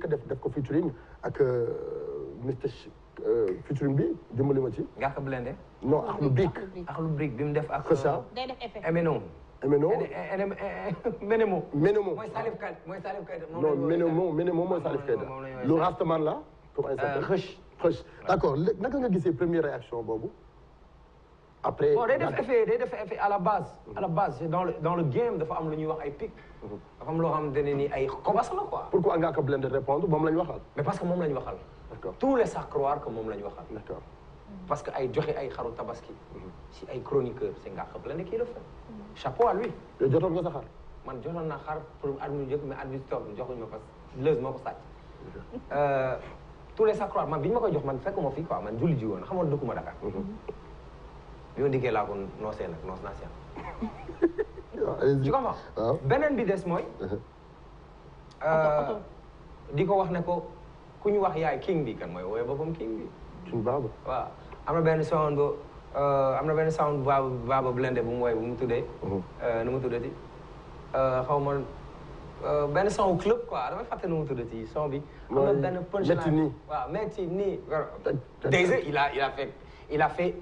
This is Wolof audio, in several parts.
ki ko def def ko featuring ak euh, Mister euh, featuring bi dimbali ma ci. nga ko blende. non ak lu brique. ak lu brique bi mu def ak. Kosa euh, day def effet MNO. MNO Menemo. Menemo mooy Salif Keita mooy Salif Keita. non Menemo Menemo mooy ah, Salif Keita. lu rastaman la. pour un certain xëch xëch. d'accord naka nga gisee première réaction boobu. après bon day def effet day def effet à la base. à la base dans le dans le game dafa am lu ñuy wax ay pic. Mhm. dafa am loo xam ne ni ay kobas la quoi. pourquoi nga ko blende répondre moom la ñu waxal. mais parce que moom la ñu waxal. d'accord tout laisse à croire que moom la ñu waxal. d'accord parce que ay joxe ay xaru tabaski. Mhm. si ay chroniqueur c'est nga ko blende kii la fa. Mhm. chapeau à lui. yow jotoon nga sa xar. man jotoon naa xar pour at mi njëkk mais at mi toog joxuñu ma parce que léegi moo ko sàcc. tout laisse à croire man bi ñu ma koy jox man fekk ma fi quoi man julli ji woon xamoon dëkkuma Dakar. yow dikkee laa ko noosee nag noos naa si am. bi des mooy. di ko wax ne ko ku ñu wax yay king bi kan mooy woowee boppam king bi. suñu baaba. waaw am na benn mhm. sound bo am na benn sound baaba baaba blende bu mu woy bu mu tuddee. nu mu tuddati xaw ma benn son club quoi damay fàtte nu mu tuddati son bi. am na benn punchline waaw metti nii. Daisy il a il a fait il a fait.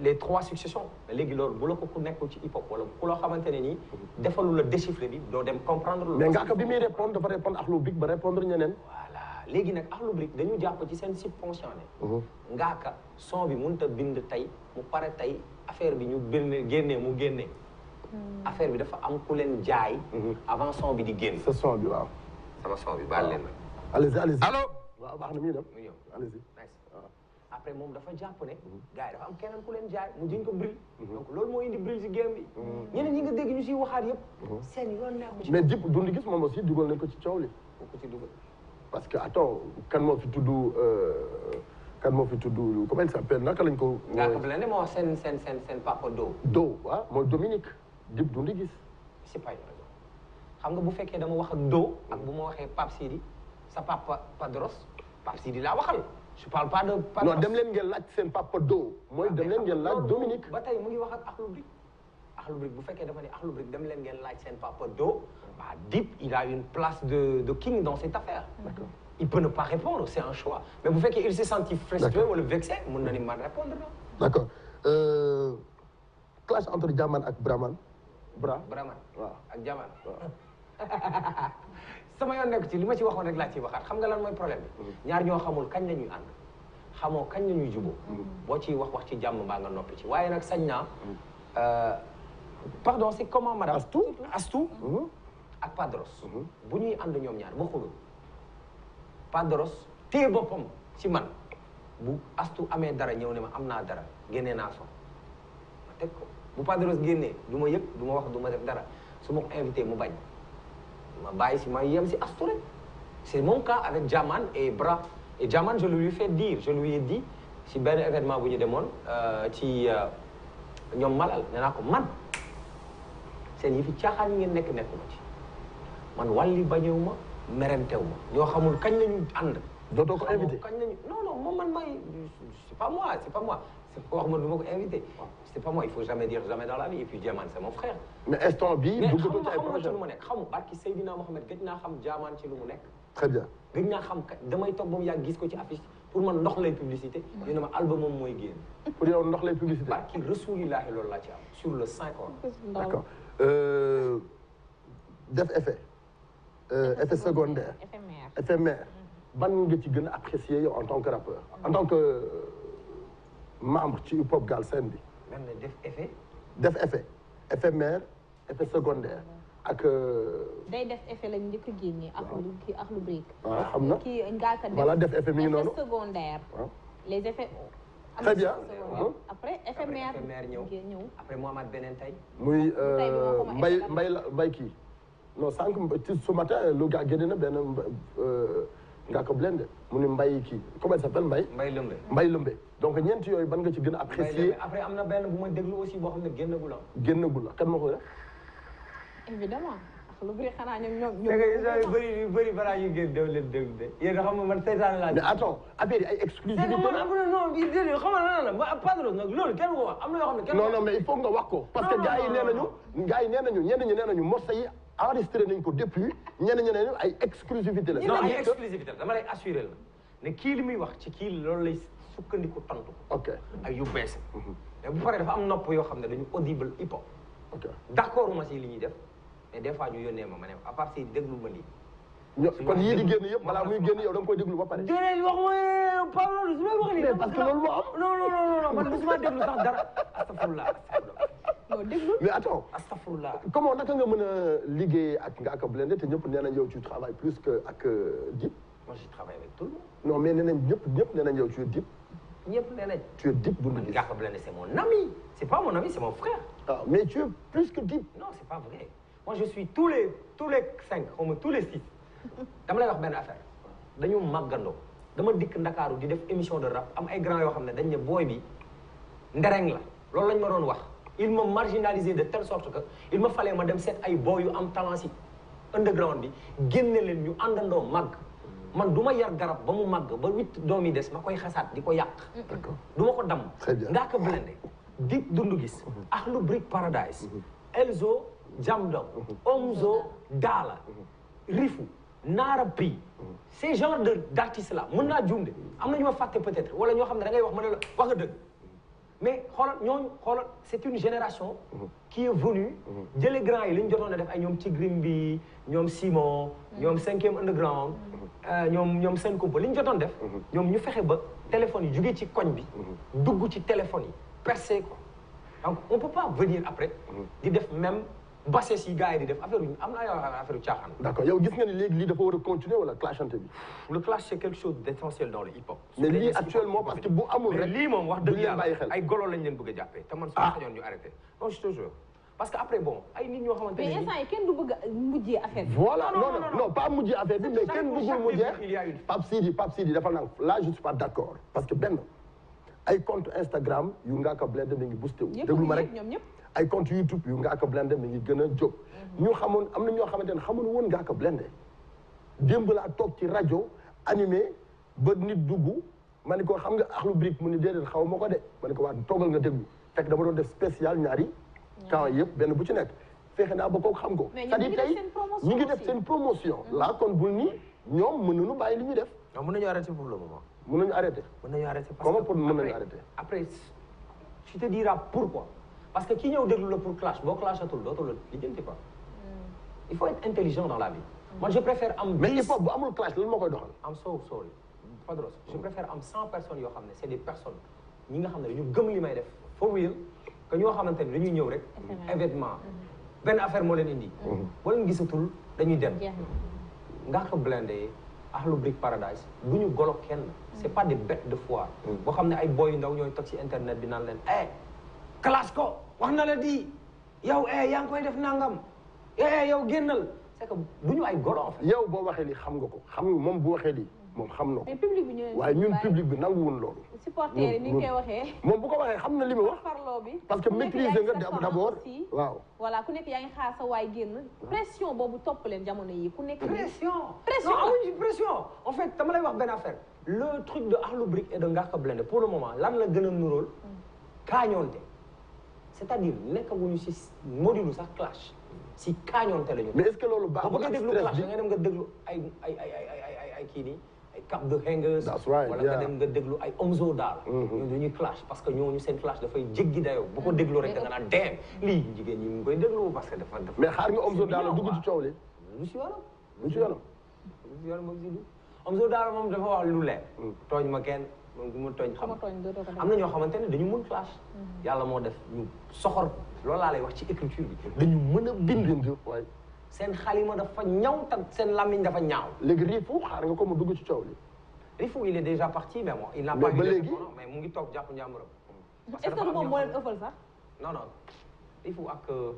les trois successions léegi loolu bu la ko ku nekk ci hip hop wala ku loo xamante ne nii defalu la déchiffré bi doo dem comprendre mais nga ko bi muy répondre dafa répondre ak lu big ba répondre ñeneen voilà léegi nag ak lu big dañu jàpp ci seen subconscient ne mhm. ngaa ka son bi mënut bind tey mu pare tey affaire bi ñu génne génnee mu génnee hmm. affaire bi dafa am ku leen jaay mhm. avant bi di génn sa son bi waaw sama son bi baal leen nag allez allez allô waaw après moom dafa jàpp ne mhm. dafa am keneen ku leen jaay mu jëñ ko bril mhm. donc loolu moo indi bril si game bi mhm. ñeneen ñi nga dégg ñu si waxaat yëpp seen yoon nekku ci mais dip dundi gis moom aussi dugal nañ ko ci coow li ko ci dugal parce que attends kan moo fi tudd euh, kan moo fi tudd comment il s'appelle naka lañ ko ngaakablende moo seen seen seen seen papa Do Do waaw ah, mooy Dominique dip dundi gis si pay xam nga bu fekkee dama wax ak Do ak bu ma waxee Pape Sidi sa pap papa Padros Pape Sidi laa waxal je parle pas de. Pas non dem leen ngeen laaj seen papa Do. mooy dem leen ngeen laaj ah, Dominique. ba tey mu ngi wax ak Akhlou Brick Akhlou Brick bu fekkee dafa ne Akhlou Brick dem leen ngeen laaj seen papa Do bah Dip il a une place de de king dans cette affaire. d'accord. il peut ne pas répondre c'est un choix mais bu fekkee il s'est senti frustré wala vexé mën na ni man répondre non. d'accord euh, clash entre Jaman ak Braman. Bra Braman waaw ak Jaman waaw. sama yoon nekk ci li ma ci waxoon rek laa ciy waxaat xam nga lan mooy problème bi mm-hmm. ñaar ñoo xamul kañ la ñuy ànd xamoo kañ la ñuy juboo mm-hmm. boo ciy wax wax ci jàmm mbaa nga noppi ci waaye nag sañ naa mm-hmm. euh, pardon c'est comment madame Astou Astou ak Padros bu ñuy ànd ñoom ñaar ba xulul Padros téye boppam ci man bu astu amee dara ñëw ne ma am naa dara génnee naa son ma teg ko bu Padros génnee du ma yëg du ma wax du ma def dara su ma ko invité mu bañ ma bàyyi si ma yem si Asturé c'est mon cas avec Jaman et Bra et eh, Jaman je lui ai fait dire je lui ai dit si benn événement bu ñu demoon euh, ci euh, ñoom Malal nee naa ko man seen yi fi caaxaan yi ngeen nekk nekkuma ci man wàlli bañewu ma merentewu ma ñoo xamul kañ la ànd dootoo ko invité kañ nañu non non moom man may c'est pas moi c'est pas moi c'est wax ma du ma ko invité c'est pas moi il faut jamais dire jamais dans la vie et puis Diamane c'est mon frère mais instant bi duggatoo ci ay projet lu ma nekk xamu barki Seydina Mohamed gëj naa xam Diamane ci lu mu nekk très bien gëj naa xam damay toog ba mu yàgg gis ko ci affiche pour man ndox lay publicité ñu ne ma album moom mooy génn pour yow ndox lay publicité barki rasulillahi loolu laa ci am sur le cinq ans d'accord euh, def euh, effet effet secondaire éphémère ban nga ci gën a apprécier yow en tant que rappeur en tant que euh, membre ci hip hop Galsen bi. man la def effet. def effet éphémère effet secondaire ak. Euh, day def effet lañ njëkk a génnee. ak lu kii ak lu break. waaw ah, xam na kii euh, ngaaka def voilà def effet mi ngi noonu effet secondaire. Ah. les effets. Oh. très bien uh-huh. après éphémère ñëw après mu amaat beneen tey. muy mbay mbay la mbay kii non sànq ci ce matin le gars génne na benn. nga ko blende mu ni mbay kii comment il s'appelle mbay mbay lëmbe mbay lëmbe donc ñeent yooyu ban nga ci gën a am na benn bu ma déglu aussi boo xam ne génnagula génnagula kan ma ko def évidemment lu bëri xanaa ay exclusivité la. non non ko wax que gars yi nee nañu. gars yi nee nañu ñenn ñi nee nañu Morsa enregistré nañ ko depuis ñeneen ñeneen ay exclusivité la. non ay exclusivité la dama lay la ne kii wax ci kii loolu lay sukkandiku tontu. ok ak yu bees. mais mhm. bu paree dafa am nopp yoo xam ne dañu audible hip hop. ok d' accord ma li ñuy def mais des fois ñu yónnee ma ma ne à part si déglu ma lii. kon yii di génn yëpp balaa muy génn yow da nga koy déglu ba pare. déedéet wax mooy euh, Pape loolu su ma wax nii. parce que loolu moo am. non non non man mosuma déglu sax dara astafurlah astafurlah. non déglu mais attends astafurlah comment naka nga mën a liggéey ak Ngaaka Blindé te ñëpp nee nañ yow tu travailles plus que ak euh, Dip. moi je travaille avec tout le monde. non mais nee nañ ñëpp ñëpp nee nañ yow tu es Dip. ñëpp nee nañ. tu es Dip Doundou Guiss Ngaaka Blindé c'est mon ami. c'est pas mon ami c'est mon frère. ah mais tu es plus que Dip. non c'est pas vrai moi je suis tous les tous les cinq xaw ma tous les six. dama lay wax benn affaire dañu màggandoo dama dikk Ndakaaru di def émission de rap am ay grand yoo xam ne dañ ne booy bi ndereng la loolu lañ ma doon wax. il m'a marginalisé de telle sort que il me fallait ma dem seet ay boy yu am talent si underground bi génne leen ñu àndandoo màgg man du ma yar garab ba mu màgg ba huit doom yi des ma koy xasaat di ko yàq du ma ko damm ngaa ko blende di dundu gis mhm. Akhlou Brick Paradise mhm. Elzo Jamdong mhm. Omzo Dollar Rifu Naara P ces genres de d' artistes là mën naa juum de am na ñu ma fàtte peut-être wala ñoo xam ne da ngay wax ma ne la wax nga dëgg mais xoolal ñooñu xoolal c'est une génération. Mmh. qui est venue. Mmh. jële grand yi li ñu jotoon a def ay ñoom Tigrim bi ñoom Simon. Mmh. ñoom cinquième underground. Euh, ñoom ñoom seen kumpa li ñu jotoon def. ñoom ñu fexe ba téléphone yi jugee ci koñ bi. dugg ci téléphones yi percé ko donc on peut pas venir après. di def même. basses yi gars yi di def affaire yu am naa yoo xam ne affaire yu caaxaan. d'accord yow gis nga ni léegi lii dafa war a continuer wala clashante bi. le clash c'est quelque chose d'essentiel dans le hip hop. mais lii actuellement parce que bu amul rek. lii moom wax dëgg yàlla ay golo lañ leen bëgg a jàppee. te man su ma ah. sañoon ñu arrêté non je te jure parce que après bon ay nit ñoo xamante ne. mais instant yii kenn du bëgg a mujjee affaire bi. voilà non non non pas mujjee affaire bi mais kenn bëggul mujjee. Pape Sidi Pape Sidi dafa naan là je suis pas d'accord parce que benn. ay compte Instagram yu Ngaaka Blindé mi ngi boosté wu. déglu ma rek ay compte YouTube yu Ngaaka Blindé mi ngi gën a jóg. Mhm. ñu xamoon am na ñoo xamante ne xamuñu woon Ngaaka Blindé démb laa toog ci rajo animé ba nit dugg ma ne ko xam nga Akhlou Brick mu ni déedéet xaw ma ko de ma ne ko waa toogal nga déglu fekk dama doon def spécial ñaari temps yëpp benn bu ci nekk fexe naa ba kooku xam ko cest ñu ngi def seen promotion mhm. la kon bul nii ñoom mënuñu bàyyi lu ñuy def. non mën nañu arrêté pour le mën nañu arrêté. mën nañu arrêté parce que mën nañu arrêté. après tu te diras pourquoi parce que ki ñëw déglu la pour clash boo clashatul dootul la lijjanti quoi. il faut être intelligent mm. dans la vie. moi je préfère am. mais il faut bu amul clash lan moo koy doxal. am so sorry Padros je préfère am cent personnes yoo xam ne c' est des personnes ñi nga xam ne dañu gëm li may def for real que ñoo xamante ne dañuy ñëw rek. événement mm-hmm. benn affaire moo leen indi. Mm-hmm. boo leen gisatul dañuy dem. nga ko blindé. Ahlu Brick Paradise du ñu golo kenn c' est pas des bêtes de foire boo xam ne ay boy yu ndaw ñooy toog ci internet bi naan leen eh classe ko wax na la di yow eh yaa ngi koy def nangam eh yow génnal c' est que du ñu ay golo en fait yow boo waxee li xam nga ko xam moom bu waxee li moom xam na ko. mais public bi waaye ñun public bi nanguwul loolu. supporter ni koy waxee. moom bu ko waxee xam na li mu wax. farloo bi parce que maîtriser nga d' abord waaw. voilà ku nekk yaa ngi xaar sa waay génn. pression boobu topp leen jamono yii ku nekk. pression pression non amuñu pression. en fait dama lay wax benn affaire. le truc de Akhlou Brick et de Ngaaka Blindé pour le moment lan la gën a nuróol. Mm. kaañonte. c' est à dire nekkaguñu si modulu sax clash. si kaañonte la ñu. mais est ce loolu baax. bu nga déglu clash da nga dem nga déglu ay ay ay ay kii nii. Cap de Hangers that's right wala nga dem nga déglu ay Omzo daal mm-hmm. ñooñu dañuy clash parce que ñooñu seen clash dafay jéggi dayoo bu ko mm-hmm. déglu rek da nga naan dem lii jigéen ñi mu ngi koy déglu parce que dafa dafa mais xaar nga Omzo daal dugg ci coow li lu si yoonam lu si yoonam lu si yoonam si Omzo daal moom dafa wax lu leer mm. tooñ ma kenn moom bu ma tooñ xam am na ñoo xamante ne dañu mën clash mm-hmm. yàlla moo def ñu soxor loolu laa lay wax ci écriture bi dañu mën a bind seen xalima dafa ñaw tam seen làmmiñ dafa ñaaw. léegi Rifu xaar nga ko mu dugg ci coow li. Rifu il est déjà parti mais bon il n'a pas eu de répondant mais ngi toog jàpp njàmburam. parce que est-ce que du moom moo leen ëppal sax. non non ak euh,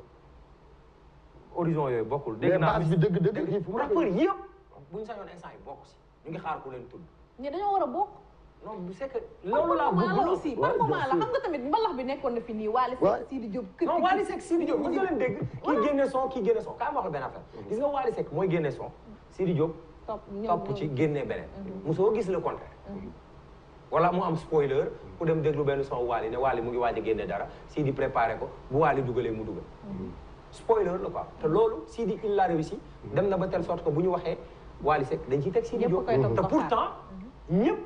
horizon yooyu bokkul. dégg naa bi dëgg dëgg Rifu rappeur yëpp buñ sañoon instant yi bokk si ñu ngi xaar ku leen tudd. mais dañoo war a bokk. non bu sekk loolu laa bëgg la aussi par moment la xam nga tamit mbalax bi nekkoon na fi nii Wally Seck Sidi Diop kër non Wally Seck Sidi Diop mos leen kii génne son kii génne son kaa ma wax benn affaire gis nga Wally Seck mooy génne son Sidi Diop topp ci génne beneen mhm. mosoo gis le contraire wala mhm. mu am spoiler ku dem déglu benn son Wally ne Wally mu ngi waaj a génne dara Sidi préparé ko bu Wally dugalee mu dugal mhm. spoiler la quoi te loolu Sidi il l'a réussi dem na ba telle sorte que bu ñu waxee Wally Seck dañ ciy teg Sidi Diop te pourtant ñëpp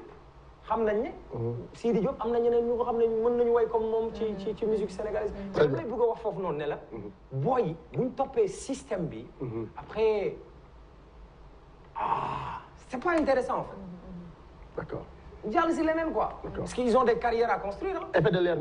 xam nañ ne. Mhm. Sidi Diop am na ñeneen ñu ko xam ne mën nañu way comme moom ci ci ci musique sénégalaise. Mhm. très bien bëgg a wax foofu noonu ne la. Mhm. booy yi buñ toppee système bi. après ah c' est pas intéressant en fait. d' accord jàll si leneen quoi. parce qu'ils ont des carrières à construire ah. effet de l'air